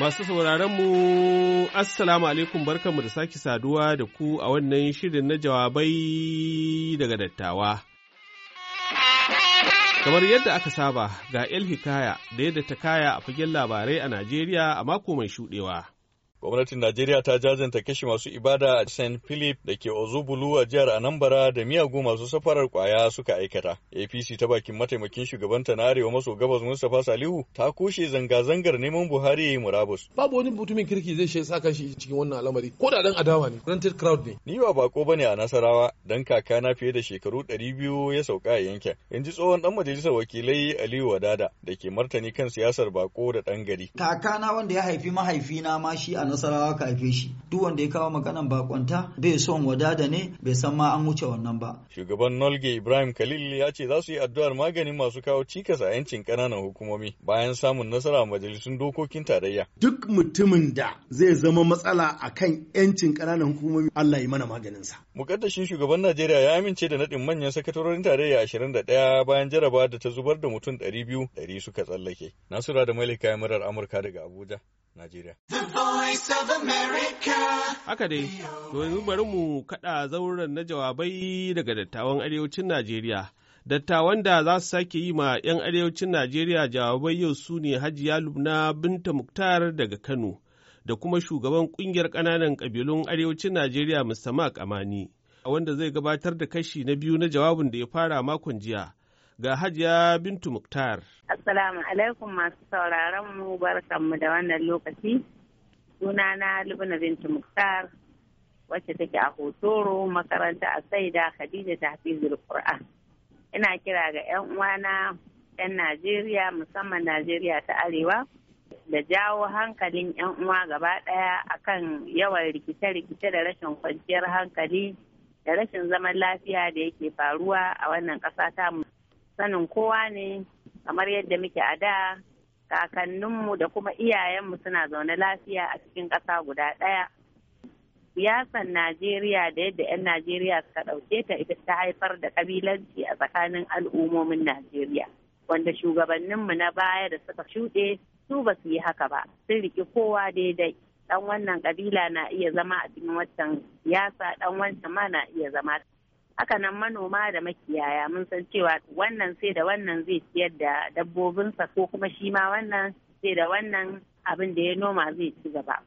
Masu sauraron mu Assalamu alaikum barkanmu da sake saduwa da ku a wannan shirin na jawabai daga dattawa. Kamar yadda aka saba ga El Hikaya da yadda ta kaya a fagen labarai a Najeriya a mako mai shuɗewa. Gwamnatin Najeriya ta jazanta kashe masu ibada a St. Philip da ke Ozubulu a jihar Anambra da miyagu masu safarar kwaya suka aikata. APC ta bakin mataimakin shugabanta na Arewa maso gabas Mustapha Salihu ta kushe zanga-zangar neman Buhari ya yi murabus. Babu wani mutumin kirki zai shi saka shi cikin wannan al'amari ko da dan adawa ne, rented crowd ne. Ni ba bako bane a Nasarawa dan kaka na fiye da shekaru ɗari biyu ya sauka a yankin. In ji tsohon dan majalisar wakilai Aliyu Wadada da ke martani kan siyasar bako da ɗan gari. Kaka na wanda ya haifi mahaifina ma shi a nasarawa ka haife shi duk wanda ya kawo maganan bakonta bai son wadada ne bai san ma an wuce wannan ba shugaban nolge ibrahim khalil ya ce za su yi addu'ar maganin masu kawo cikas a yancin kananan hukumomi bayan samun nasara majalisun dokokin tarayya duk mutumin da zai zama matsala a kan yancin ƙananan hukumomi allah ya mana maganinsa mukaddashin shugaban najeriya ya amince da naɗin manyan sakatarorin tarayya 21 bayan jaraba da ta zubar da mutum biyu ɗari suka tsallake nasura da malika murar amurka daga abuja Najeriya. Haka dai, to yanzu bari mu kaɗa zauren na jawabai daga dattawan arewacin Najeriya. Dattawan da za su sake yi ma 'yan arewacin Najeriya jawabai yau su ne Hajiya Lubna Binta Muktar daga Kano da kuma shugaban ƙungiyar ƙananan ƙabilun arewacin Najeriya Mr. Mark Amani, wanda zai gabatar da kashi na biyu na jawabin da ya fara makon jiya. ga Hajiya Bintu Muktar. Assalamu alaikum masu sauraron mu barkanmu da wannan lokaci. Sunana Lubna Bintu Muktar wacce take a Hotoro makaranta a Saida Khadija Tahfizul Qur'an. Ina kira ga 'yan uwana 'yan Najeriya musamman Najeriya ta Arewa da jawo hankalin 'yan uwa gaba ɗaya akan yawan rikice-rikice da rashin kwanciyar hankali da rashin zaman lafiya da yake faruwa a wannan ƙasa ta sanin kowa ne kamar yadda muke a da kakanninmu da kuma iyayenmu suna zaune lafiya a cikin ƙasa guda ɗaya. Siyasar Najeriya da yadda 'yan Najeriya suka ɗauke ta ita ta haifar da kabilanci a tsakanin al'ummomin Najeriya. Wanda shugabanninmu na baya da suka shuɗe su ba su yi haka ba, sun riƙi kowa daidai. Ɗan wannan kabila na iya zama a cikin wancan siyasa, ɗan wancan ma na iya zama. haka nan manoma da makiyaya mun san cewa wannan sai da wannan zai ciyar da dabbobinsa ko kuma shi ma wannan sai da wannan abin da ya noma zai ci gaba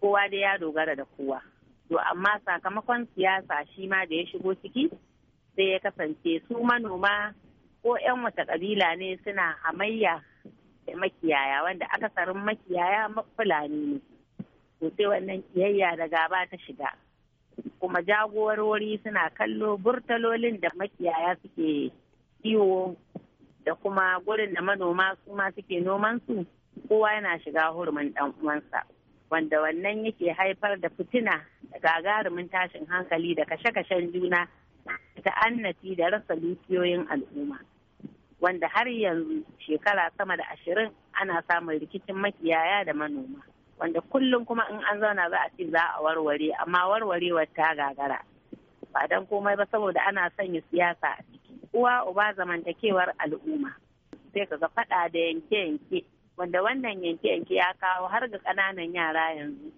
kowa dai ya dogara da kowa to amma sakamakon siyasa shi ma da ya shigo ciki sai ya kasance su manoma ko 'yan wata kabila ne suna hamayya da makiyaya wanda akasarin makiyaya fulani ne to sai wannan kiyayya da gaba ta shiga kuma jagorori suna kallo burtalolin da makiyaya suke kiwo da kuma gurin da manoma su ma suke nomansu kowa yana shiga hurumin dan uwansa wanda wannan yake haifar da fitina da gagarumin tashin hankali da kashe-kashen juna ta annati da rasa dukiyoyin al'umma wanda har yanzu shekara sama da ashirin ana samun rikicin makiyaya da manoma wanda kullum kuma in an zauna za a ce za a warware amma warwarewar ta gagara ba don komai ba saboda ana sanya siyasa a ciki uwa uba zamantakewar al'umma sai ka ga faɗa da yanke-yanke wanda wannan yanke-yanke ya kawo har ga ƙananan yara yanzu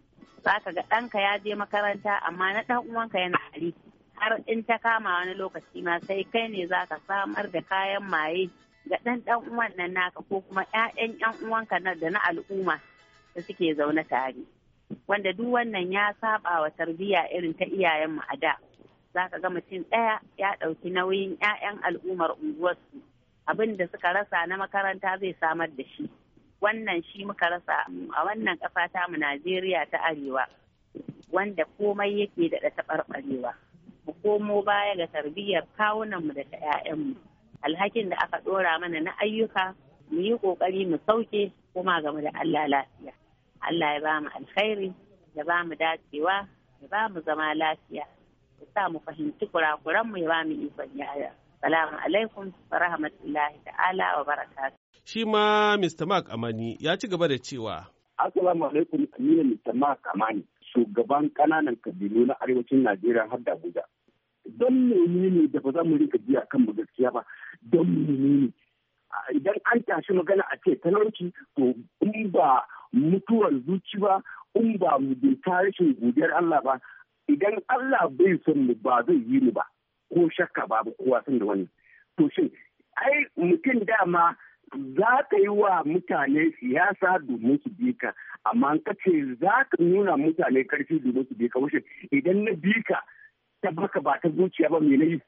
za ka ga ɗanka ya je makaranta amma na ɗan uwanka yana ari har in ta kama wani lokaci ma sai kai ne za ka samar da kayan maye ga ɗan ɗan uwan nan naka ko kuma 'ya'yan 'yan uwanka na da na al'umma da suke zaune tare wanda duk wannan ya saba wa tarbiyya irin ta iyayenmu a da za ka ga mutum ɗaya ya ɗauki nauyin 'ya'yan al'ummar unguwarsu abin da suka rasa na makaranta zai samar da shi wannan shi muka rasa a wannan ƙasa ta mu najeriya ta arewa wanda komai yake da taɓarɓarewa mu komo baya ga tarbiyyar kawunanmu da ta 'ya'yanmu alhakin da aka ɗora mana na ayyuka mu yi ƙoƙari mu sauke kuma game da allah lafiya Allah ya ba mu alkhairi ya ba mu dacewa ya ba mu zama lafiya ya sa mu fahimci kurakuranmu ya ba mu ikon yaya. Salamu alaikum wa rahmatullahi ta'ala wa barakatu. Shi ma Mr. Mark Amani ya ci gaba da cewa. Assalamu alaikum Aminu Mr. Mark Amani shugaban kananan kabilu na arewacin Najeriya har da Abuja. Don menene da ba za mu rika jiya kan mu gaskiya ba don menene idan an tashi magana a ce talauci to in ba mutuwar zuci ba in ba mu bai ta rashin godiyar Allah ba idan Allah bai son mu ba zai yi mu ba ko shakka babu kowa sun da wani to shin ai mutum dama za ka yi wa mutane siyasa domin su bi ka amma an kace za ka nuna mutane karfi domin su bi ka wuce idan na bi ka ta baka ba ta zuciya ba me nayi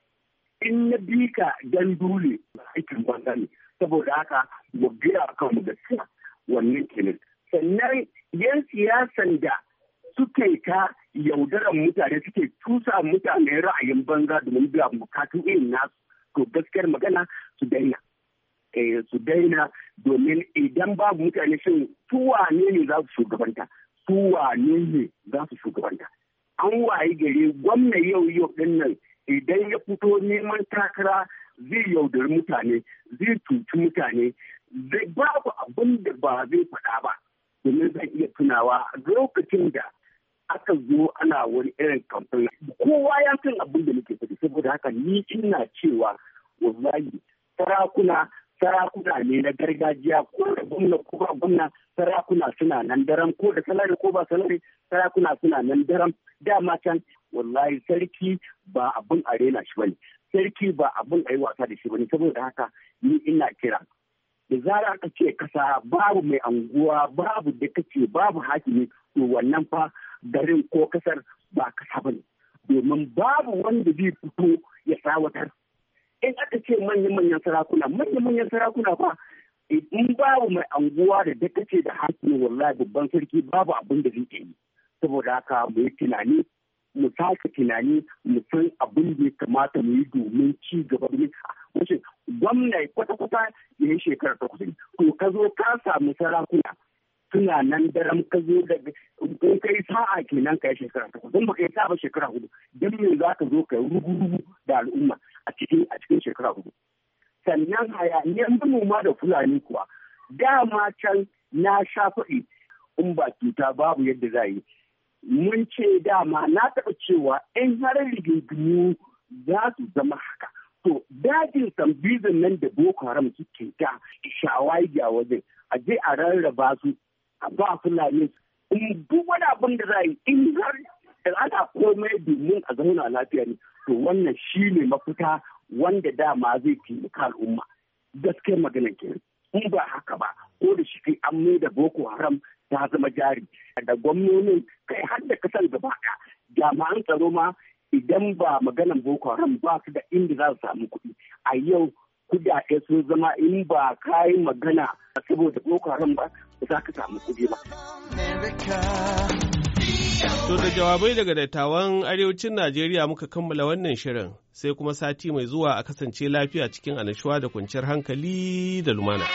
in na bi ka dan dole aikin banza ne saboda haka mu gaya kanmu gaskiya wannan kenan sannan yan siyasan da suke ta yaudarar mutane suke tusa mutane ra'ayin banza domin biya bukatu irin nasu to gaskiyar magana su daina eh, su daina domin idan babu mutane shin su wane ne za su shugabanta su wane ne za su shugabanta an waye gari gwamna yau yau din nan idan ya fito neman takara zai yaudari mutane zai tuci mutane zai babu abin da ba zai faɗa ba domin zai iya tunawa a lokacin da aka zo ana wani irin kamfani kowa ya san abin da muke fita saboda haka ni ina cewa wallahi sarakuna sarakuna ne na gargajiya ko da gwamna ko ba gwamna sarakuna suna nan daram ko da salari ko ba salari sarakuna suna nan daram dama can wallahi sarki ba abin arena shi bane sarki ba abin a wasa da shi bane saboda haka ni ina kira da zara aka ce kasa babu mai anguwa babu da kace babu hakimi to wannan fa garin ko kasar ba kasa ba ne domin babu wanda zai fito ya tsawatar in aka ce manyan manyan sarakuna manya-manyan sarakuna ba in babu mai anguwa da da kace da hakimi wallahi babban sarki babu abin da zai yi saboda haka mu yi tunani mu sake tunani mu san abin da ya kamata mu yi domin ci gaba domin gwamna kwata-kwata ya yi shekarar ta kusa to ka zo ka samu sarakuna suna nan daram ka zo da in kai sa'a kenan ka yi shekara takwas kusa ba yi sa ba shekara hudu dan me za ka zo ka yi rugu da al'umma a cikin a cikin shekara hudu sannan hayaniyar manoma da fulani kuwa dama can na sha faɗi in ba cuta babu yadda za yi mun ce dama na taɓa cewa in har rigingimu za su zama haka To dajin sambizin nan da Boko Haram suke ta shawagi a waje, a je a rarraba su a ba Fulani in duk wani abin da za yi in har ana komai domin a zauna lafiya ne to wannan shi ne mafita wanda dama zai taimaka al'umma gaskiyar magana kenan in ba haka ba ko da shi an mai da Boko Haram ta zama jari da gwamnonin kai har da kasar gaba jami'an tsaro ma idan ba maganan boko haram ba su da inda za su samu kuɗi a yau kudade sun zama in ba yi magana saboda boko haram ba za ka samu kuɗi ba. To da jawabai daga dattawan arewacin Najeriya muka kammala wannan shirin sai kuma sati mai zuwa a kasance lafiya cikin annashuwa da kwanciyar hankali da lumana.